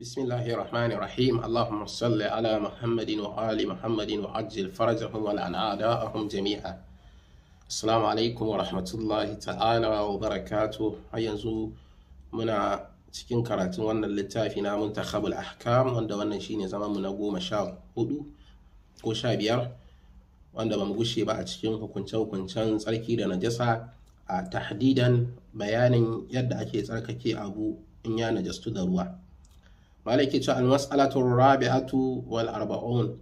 بسم الله الرحمن الرحيم اللهم صل على محمد وآل محمد وعجل فرجهم والأعداءهم جميعا السلام عليكم ورحمة الله تعالى وبركاته ينزو منا cikin karatun wannan littafi na muntakhabul ahkam wanda wannan shine zaman mu na goma sha hudu ko sha biyar wanda bamu gushe ba a cikin hukunce-hukuncen tsarki da najasa a tahdidan bayanin yadda ake tsarkake abu in ya najastu da ruwa malai ke cewa rabi'atu wal arba'un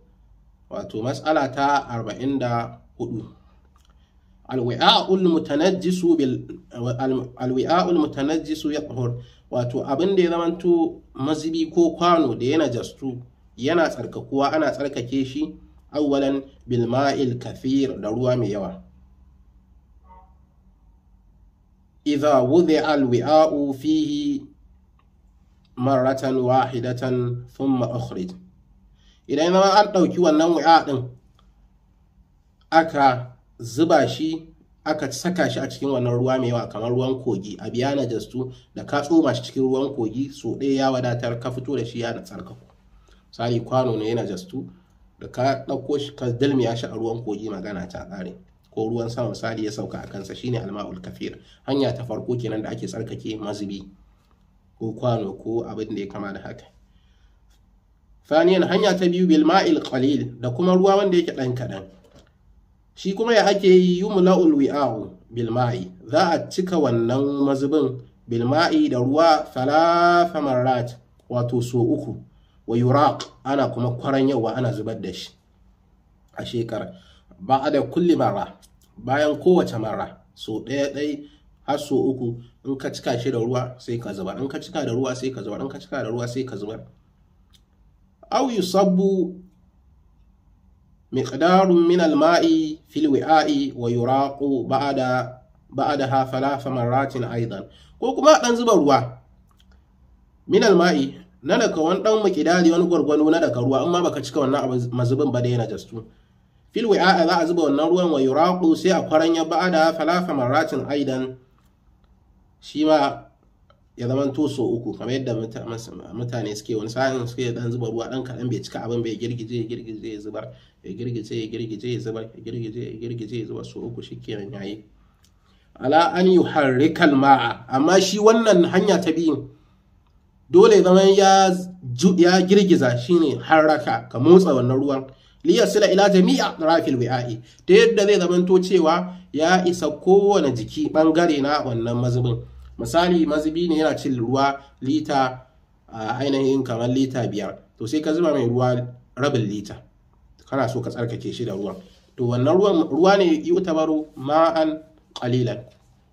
wato mas'ala ta 44 al-wi'a'ul mutanajjisu bil al wato abin da ya zamanto mazibi ko kwano da yana jastu yana tsarkakuwa ana tsarkake shi awwalan bil ma'il da ruwa mai yawa idza wudi'a al fihi maratan wahidatan thumma ukhrij idan zama an ɗauki wannan wuya ɗin aka zuba shi aka saka shi a cikin wannan ruwa mai yawa kamar ruwan kogi a biya na jastu da ka tsoma shi cikin ruwan kogi so ɗaya ya wadatar ka fito da shi ya ku misali kwano ne yana jastu da ka ɗauko shi ka dalmiya shi a ruwan kogi magana ta ƙare ko ruwan sama misali ya sauka a kansa shine alma'ul kafir hanya ta farko kenan da ake tsarkake mazubi ko kwano ko abin da ya kama da haka faniyan hanya ta biyu bil ma'il qalil da kuma ruwa wanda yake dan kadan shi kuma ya ake yi yumla'ul wi'a'u bil ma'i za a cika wannan mazubin bil ma'i da ruwa thalatha marrat wato so uku wa yuraq ana kuma kwaran yawa ana zubar da shi a shekara ba da kulli mara bayan kowace mara so ɗaya ɗaya. har so uku in ka cika shi da ruwa sai ka zubar in ka cika da ruwa sai ka zubar in ka cika da ruwa sai ka zubar aw yusabbu miqdarun min al-ma'i fil wi'a'i wa yuraqu ba'da ba'daha thalatha maratin aidan ko kuma dan zuba ruwa min al-ma'i na daga wani dan makidari wani gwargwano na daga ruwa amma baka cika wannan abu mazubin ba da yana jastu fil wi'a za a zuba wannan ruwan wa yuraqu sai a kwaranya ba'da thalatha maratin aidan shi ma ya zama to uku kamar yadda mutane suke wani sa'in suke dan zuba ruwa dan kaɗan bai cika abin bai girgije ya girgije ya zubar ya girgije ya girgije zubar ya girgije girgije zubar so uku yayi ala an yuharrikal ma'a amma shi wannan hanya ta biyu dole zama ya ya girgiza shine haraka ka motsa wannan ruwan liya sila ila jami'a rafil wi'a'i ta yadda zai zamanto cewa ya isa kowane jiki bangare na wannan mazubin misali mazubi ne yana cin ruwa lita a ainihin kamar lita biyar to sai ka zuba mai ruwa rabin lita kana so ka tsarkake shi da ruwan to wannan ruwa ne yi yu'tabaru ma'an kalilan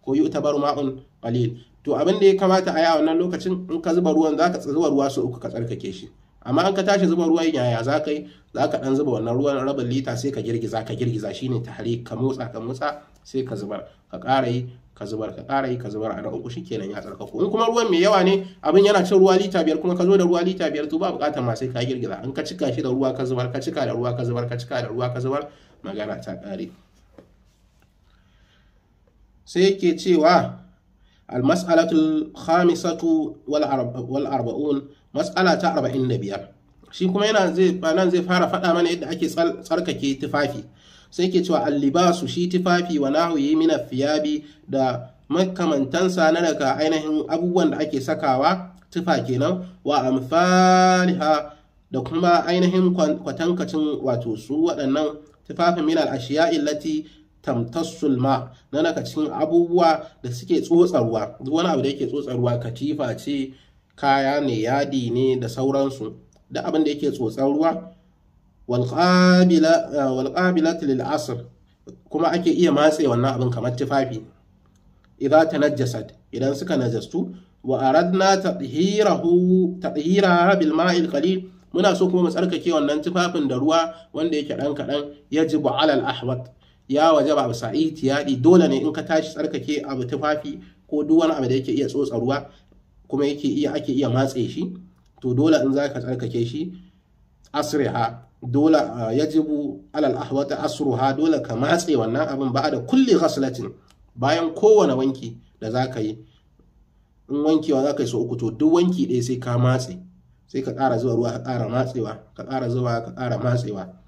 ko yi yu'tabaru ma'an qalil to abin da ya kamata a yi a wannan lokacin in ka zuba ruwan zaka zuba ruwa so uku ka tsarkake shi amma an ka tashi zuba ruwan yaya za ka yi za ka ɗan zuba wannan ruwan rabin lita sai ka girgiza ka girgiza shi ne tare ka motsa ka motsa sai ka zubar ka ƙara yi ka zubar ka ƙara yi ka zubar a na uku shikenan ya tsarkako in kuma ruwan mai yawa ne abin yana cin ruwa lita biyar kuma ka zo da ruwa lita biyar to ba buƙatar ma sai ka girgiza in ka cika shi da ruwa ka zubar ka cika da ruwa ka zubar ka cika da ruwa ka zubar magana ta ƙare sai yake cewa al-mas'alatul khamisatu wal arba'un matsala ta 45 shi kuma yana zai nan zai fara faɗa mana yadda ake tsarkake tufafi sai ke cewa allibasu shi tufafi wa nahuyi mina fiyabi da makamantansa na daga ainihin abubuwan da ake sakawa tufa kenan wa amfaliha da kuma ainihin kwatankacin wato su waɗannan tufafin mina ashiya illati tamtassul ma na daga cikin abubuwa da suke tsotsarwa wani abu da yake tsotsarwa katifa ce kaya ne yadi ne da sauransu da abin da yake tsotsar ruwa walƙabilat lil asir kuma ake iya matse wannan abin kamar tufafi idza tanajjasat idan suka najastu wa aradna tadhhirahu tadhhiraha bil ma'il qalil muna so kuma mu tsarkake wannan tufafin da ruwa wanda yake dan kaɗan ya ji alal ahmad ya waje wajaba bisa ihtiyadi dole ne in ka tashi tsarkake abu tufafi ko duk wani abu da yake iya tsotsa ruwa kuma yake iya ake iya matse shi to dole in za ka tsarkake shi asriha dole ah, yajibu alal ahwata asruha dole ka matse wannan abin ba da kulli ghaslatin bayan kowane wanki da za ka yi in wankewa za ka yi so uku to duk wanki ɗaya sai ka matse sai ka ƙara zuwa ruwa ka ƙara matsewa ka ƙara zuwa ka ƙara matsewa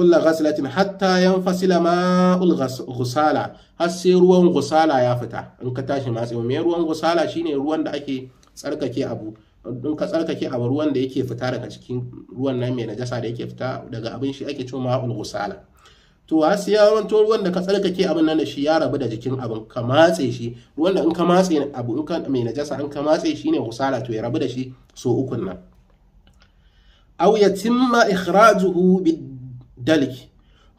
kulla ghaslatin hatta yanfasila ma'ul ghusala har sai ruwan ghusala ya fita in ka tashi matsi mai ruwan ghusala shine ruwan da ake tsarkake abu in ka tsarkake abu ruwan da yake fita daga cikin ruwan nan mai najasa da yake fita daga abin shi ake cewa ma'ul ghusala to har sai ya wanto ruwan da ka tsarkake abin nan da shi ya rabu da jikin abin ka matse shi ruwan da in ka matse abu in ka mai najasa in ka matse shi ne ghusala to ya rabu da shi so ukun nan aw yatimma ikhrajuhu bid dalki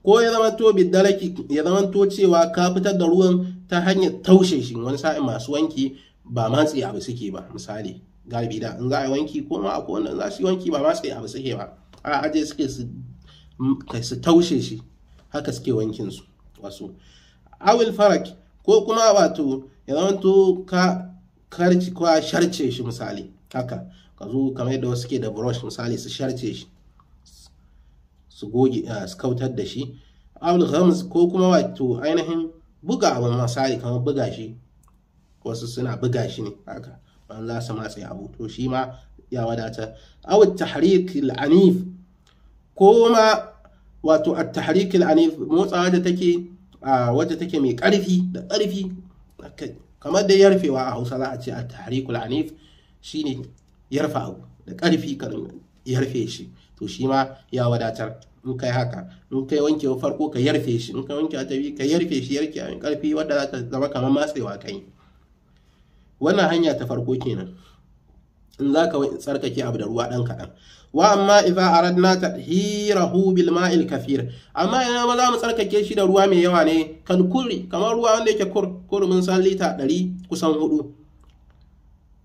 ko ya zama to bidalaki ya zama to cewa ka fitar da ruwan ta hanyar taushe shi wani sa'in masu wanki ba matsi abu suke ba misali galibi da in za a yi wanki ko ma akwai wanda za su yi wanki ba matsi abu suke ba a aje suke su taushe shi haka suke wankin su wasu awil farak ko kuma wato ya zama to ka karci ko sharce shi misali haka ka zo kamar yadda wasu suke da brush misali su sharce shi su goge eh, su kautar da shi awul ghamz ko kuma wato ainihin buga abu masari kamar buga shi wasu suna buga shi ne haka wani za su matsayi abu to shi ma ya wadata awul tahrik al-anif ko ma wato at-tahrik al-anif motsawa da take a wadda take mai karfi da karfi kamar da yarfewa a Hausa za a ce at-tahrik al-anif shine yarfa abu da karfi kan yarfe shi to shi ma ya wadatar in kai haka in kai wanke farko ka yarfe shi in kai wanke ta ka yarfe shi yarke a karfi wadda za ta zama kamar matsewa kai wannan hanya ta farko kenan in za ka tsarkake abu da ruwa ɗan kaɗan wa amma idza aradna tadhirahu bil ma'il kafir amma ina ma za mu tsarkake shi da ruwa mai yawa ne kan kuri kamar ruwa wanda yake kur kurumin san lita 100 kusan hudu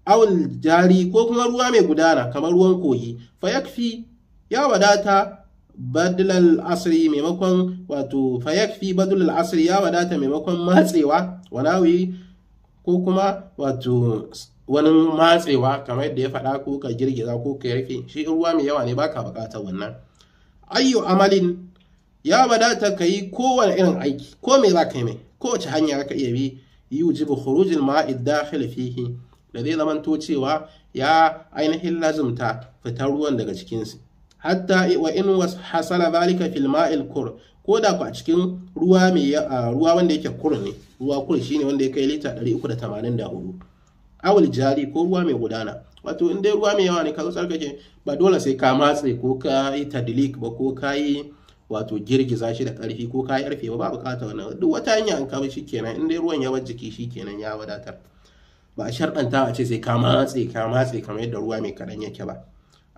awul jari ko kuma ruwa mai gudana kamar ruwan kogi fa yakfi ya wadata badlal asri maimakon wato fayakfi badlal asri ya wadata maimakon matsewa walawi ko kuma wato wani matsewa kamar yadda ya faɗa ko ka girgiza ko ka yarfe shi ruwa mai yawa ne baka bukatar wannan ayyu amalin ya wadata ka yi kowane irin aiki ko me za ka yi mai kowace hanya ka iya bi yujibu khurujil ma'id dakhil fihi da zai zamanto cewa ya ainihin lazumta fitar ruwan daga cikinsu hatta wa in hasala zalika fil ma'il kur ko da ku a cikin ruwa mai ruwa wanda yake kur ne ruwa kur shine wanda ya kai lita 384 awul jari ko ruwa mai gudana wato in dai ruwa mai yawa ne ka zo ba dole sai ka matse ko ka yi tadlik ba ko ka yi wato girgiza shi da karfi ko ka yi arfe ba ba bukata wannan duk wata hanya an kawo shi kenan in dai ruwan ya bar jiki shi kenan ya wadatar ba a sharɗanta a ce sai ka matse ka matse kamar yadda ruwa mai kaɗan yake ba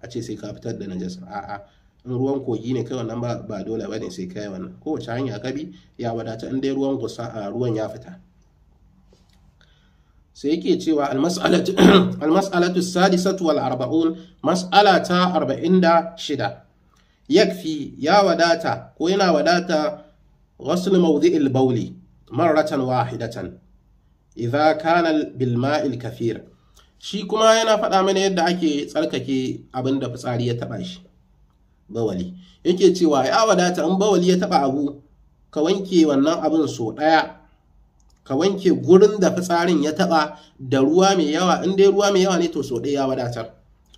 a ce sai ka fitar da najasa a'a in ruwan kogi ne kai wannan ba dole ba ne sai kai wannan kowace hanya ka bi ya wadata in dai ruwan gusa a ruwan ya fita sai yake cewa almas'alatu sadisatu wal arba'un mas'ala ta arba'in da shida yakfi ya wadata ko yana wadata wasu mawdi'il bauli marratan wahidatan idza kana bil ma'il kafir. shi kuma yana faɗa mana yadda ake tsarkake abin da fitsari ya taɓa shi bawali yake cewa ya wadata in bawali ya taɓa abu ka wanke wannan abin so ɗaya ka wanke gurin da fitsarin ya taɓa da ruwa mai yawa in dai ruwa mai yawa ne to so ɗaya ya wadatar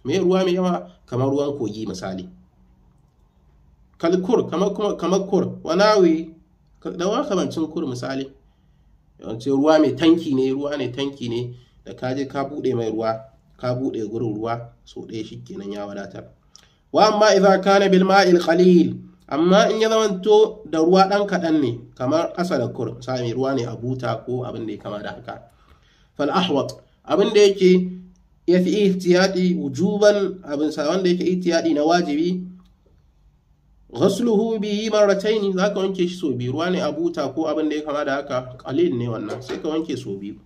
me ruwa mai yawa kamar ruwan kogi misali kalkur kamar kur wanawi da kamancin kur misali yawancin ruwa mai tanki ne ruwa ne tanki ne da ka je ka bude mai ruwa ka buɗe gurin ruwa so ɗaya shi kenan ya wadatar wa amma idza kana bil ma'il qalil amma in ya zamanto da ruwa dan kadan ne kamar ƙasa da kur sami ruwa ne a buta ko abin da ya kama da haka fal ahwat abin da yake ya fi ihtiyadi wujuban abin sa wanda yake ihtiyadi na wajibi ghasluhu bihi marataini zaka wanke shi so biyu ruwa ne a buta ko abin da ya kama da haka qalil ne wannan sai ka wanke so biyu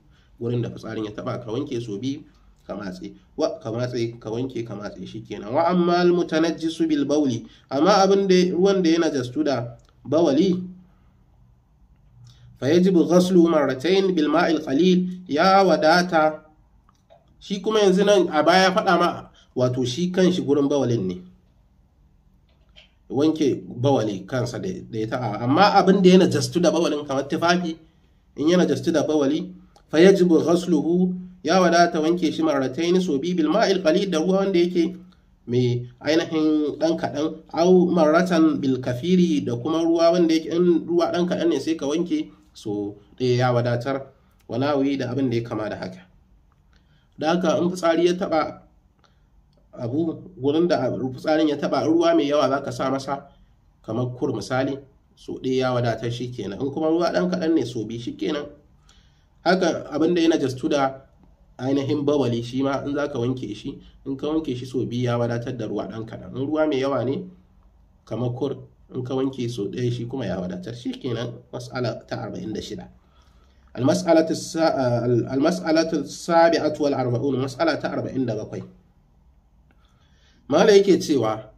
wurin da fitsarin ya taba ka wanke so biyu ka matse wa ka matse ka wanke ka matse shikenan wa amma al mutanajjisu bil bawli amma abin da ruwan da yana jastu da bawali fa yajibu ghaslu marratayn bil ma'il qalil ya wadata shi kuma yanzu nan a baya faɗa ma wato shi kan shi gurin bawalin ne wanke bawali kansa da ya ta'a amma abin da yana jastu da bawalin kamar tufafi in yana jastu da bawali fa yajibu ghasluhu ya wadata wanke shi marrataini so bi bil ma'il qalil da ruwa wanda yake mai ainihin dan kadan au marratan bil kafiri da kuma ruwa wanda yake in ruwa dan kadan ne sai ka wanke so ɗaya ya wadatar wi da abin da ya kama da haka da haka in fitsari ya taba abu wurin da fitsarin ya taba ruwa mai yawa zaka sa masa kamar kur misali so ɗaya ya wadatar shikenan in kuma ruwa dan kadan ne so bi shikenan haka abinda yana jastu da ainihin bawali shi ma in zaka wanke shi in ka wanke shi so biyu ya wadatar da ruwa ɗan kaɗan in ruwa mai yawa ne kamar kur in ka wanke so ɗaya shi kuma ya wadatar shi kenan mas'ala ta 46 almas'alatu sabi'atu wal arba'un mas'ala ta 47 mala yake cewa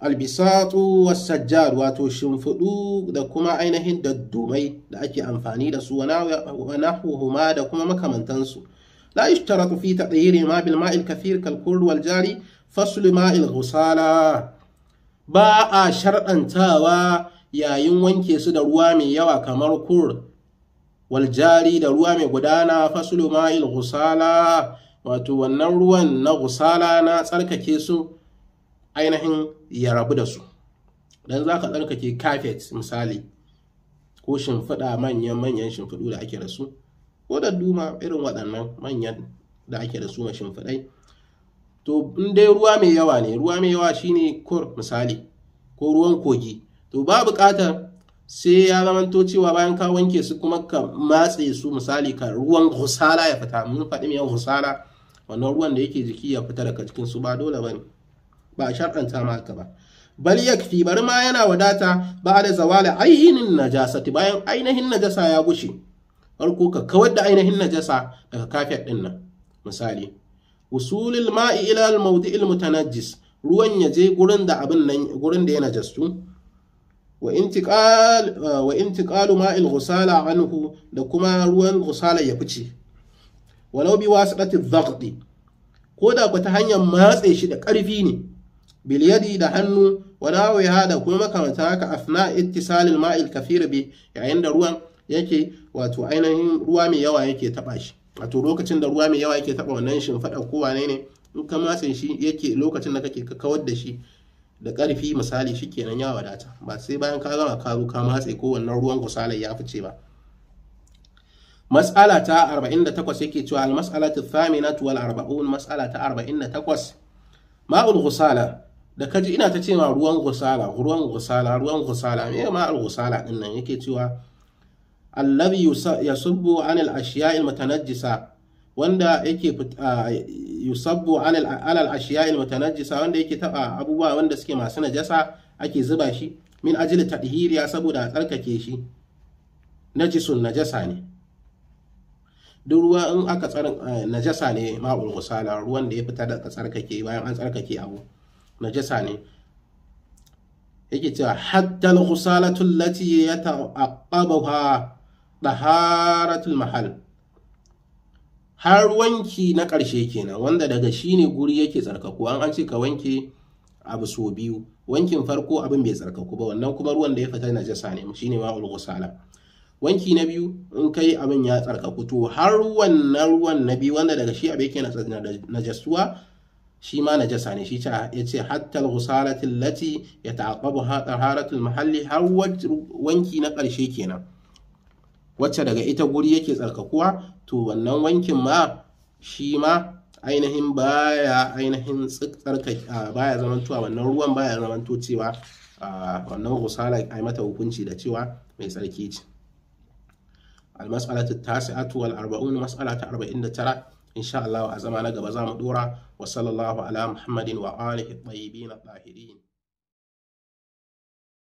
albisatu wasajjar wato shimfiɗu da kuma ainihin daddumai da ake amfani da su wa nahuhuma da kuma makamantansu la yushtaratu fi tadhiri ma bil ma'il kathir kal kurd wal jari fasl ma'il ghusala ba a sharɗantawa yayin wanke su da ruwa mai yawa kamar kurd wal jari da ruwa mai gudana fasl ma'il ghusala wato wannan ruwan na ghusala na tsarkake su ainihin ya rabu da su dan za ka tsarkake kafet misali ko shimfiɗa manyan manyan shimfiɗu da ake da su ko da duma irin waɗannan manyan da ake da su ma shimfiɗai to in dai ruwa mai yawa ne ruwa mai yawa shine kur misali ko ruwan kogi to ba buƙatar sai ya zamanto cewa bayan ka wanke su kuma ka matse su misali ka ruwan husala ya fita mun faɗi mai husala wannan ruwan da yake jiki ya fita daga cikin su ba dole bane ba a shar'anta maka ba bal yakfi bari ma yana wadata ba da zawala ainihin najasati bayan ainihin najasa ya gushe farko ka kawar da ainihin najasa daga kafet din nan misali usulul ma'i ila al mawdi'il mutanajjis ruwan ya je gurin da abin nan gurin da najastu wa intiqal eh, wa intiqalu ma'il ghusala anhu da kuma ruwan ghusala ya fice walau bi wasidati dhaqdi ko da ku ta hanyar matse shi da ƙarfi ne biliyadi da hannu wa da kuma makamanta haka afna ittisalil ma'il kafir bi yayin da ruwan yake wato ainihin ruwa mai yawa yake taba shi wato lokacin da ruwa mai yawa yake taba wannan shimfiɗa ko wane ne in ka masin shi yake lokacin da kake kawar da shi da karfi misali shi kenan ya wadata ba sai bayan ka gama ka zo ka matse ko wannan ruwan kusalai ya fice ba mas'ala ta 48 yake cewa al mas'alatu thaminatu wal arba'un mas'ala ta 48 ma'ul ghusala da ji ina ta ce ma ruwan gusala ruwan gusala ruwan gusala me ma al gusala din nan yake cewa allazi yasubbu an al ashiya'i mutanajjisa wanda yake yusabbu an al ashiya'i mutanajjisa wanda yake taba abubuwa wanda suke masu najasa ake zuba shi min ajli tadhiriya saboda a tsarkake shi najisun najasa ne duk ruwa in aka tsar najasa ne ma'ul gusala ruwan da ya fita da tsarkake bayan an tsarkake abu najasa ne yake cewa hatta al-ghusalatu allati yata'aqqabuha taharatul mahal har wanki na ƙarshe kenan wanda daga shi ne guri yake tsarkaku an an ce ka wanke abu so biyu wankin farko abin bai tsarkaku ba wannan kuma ruwan da ya fita na jasa ne shine ma'ul ghusala wanki na biyu in kai abin ya tsarkaku to har wannan ruwan na biyu wanda daga shi abu yake na jasuwa shi ma najasa ne shi ya ce hatta al-ghusalatin lati yata'aqabu taharatul muhalli har wanki na ƙarshe kenan wacce daga ita guri yake tsarkakuwa to wannan wankin ma shi ma ainihin baya ainihin tsarkaka baya zamantowa wannan ruwan baya zamanto cewa wannan ghusala ai mata hukunci da cewa mai tsarki ce al-mas'alatu at-tasi'atu wal 40 mas'alatu 49 insha Allah a zama na gaba za mu dora wa sallallahu ala muhammadin wa alihi tayyibin tahirin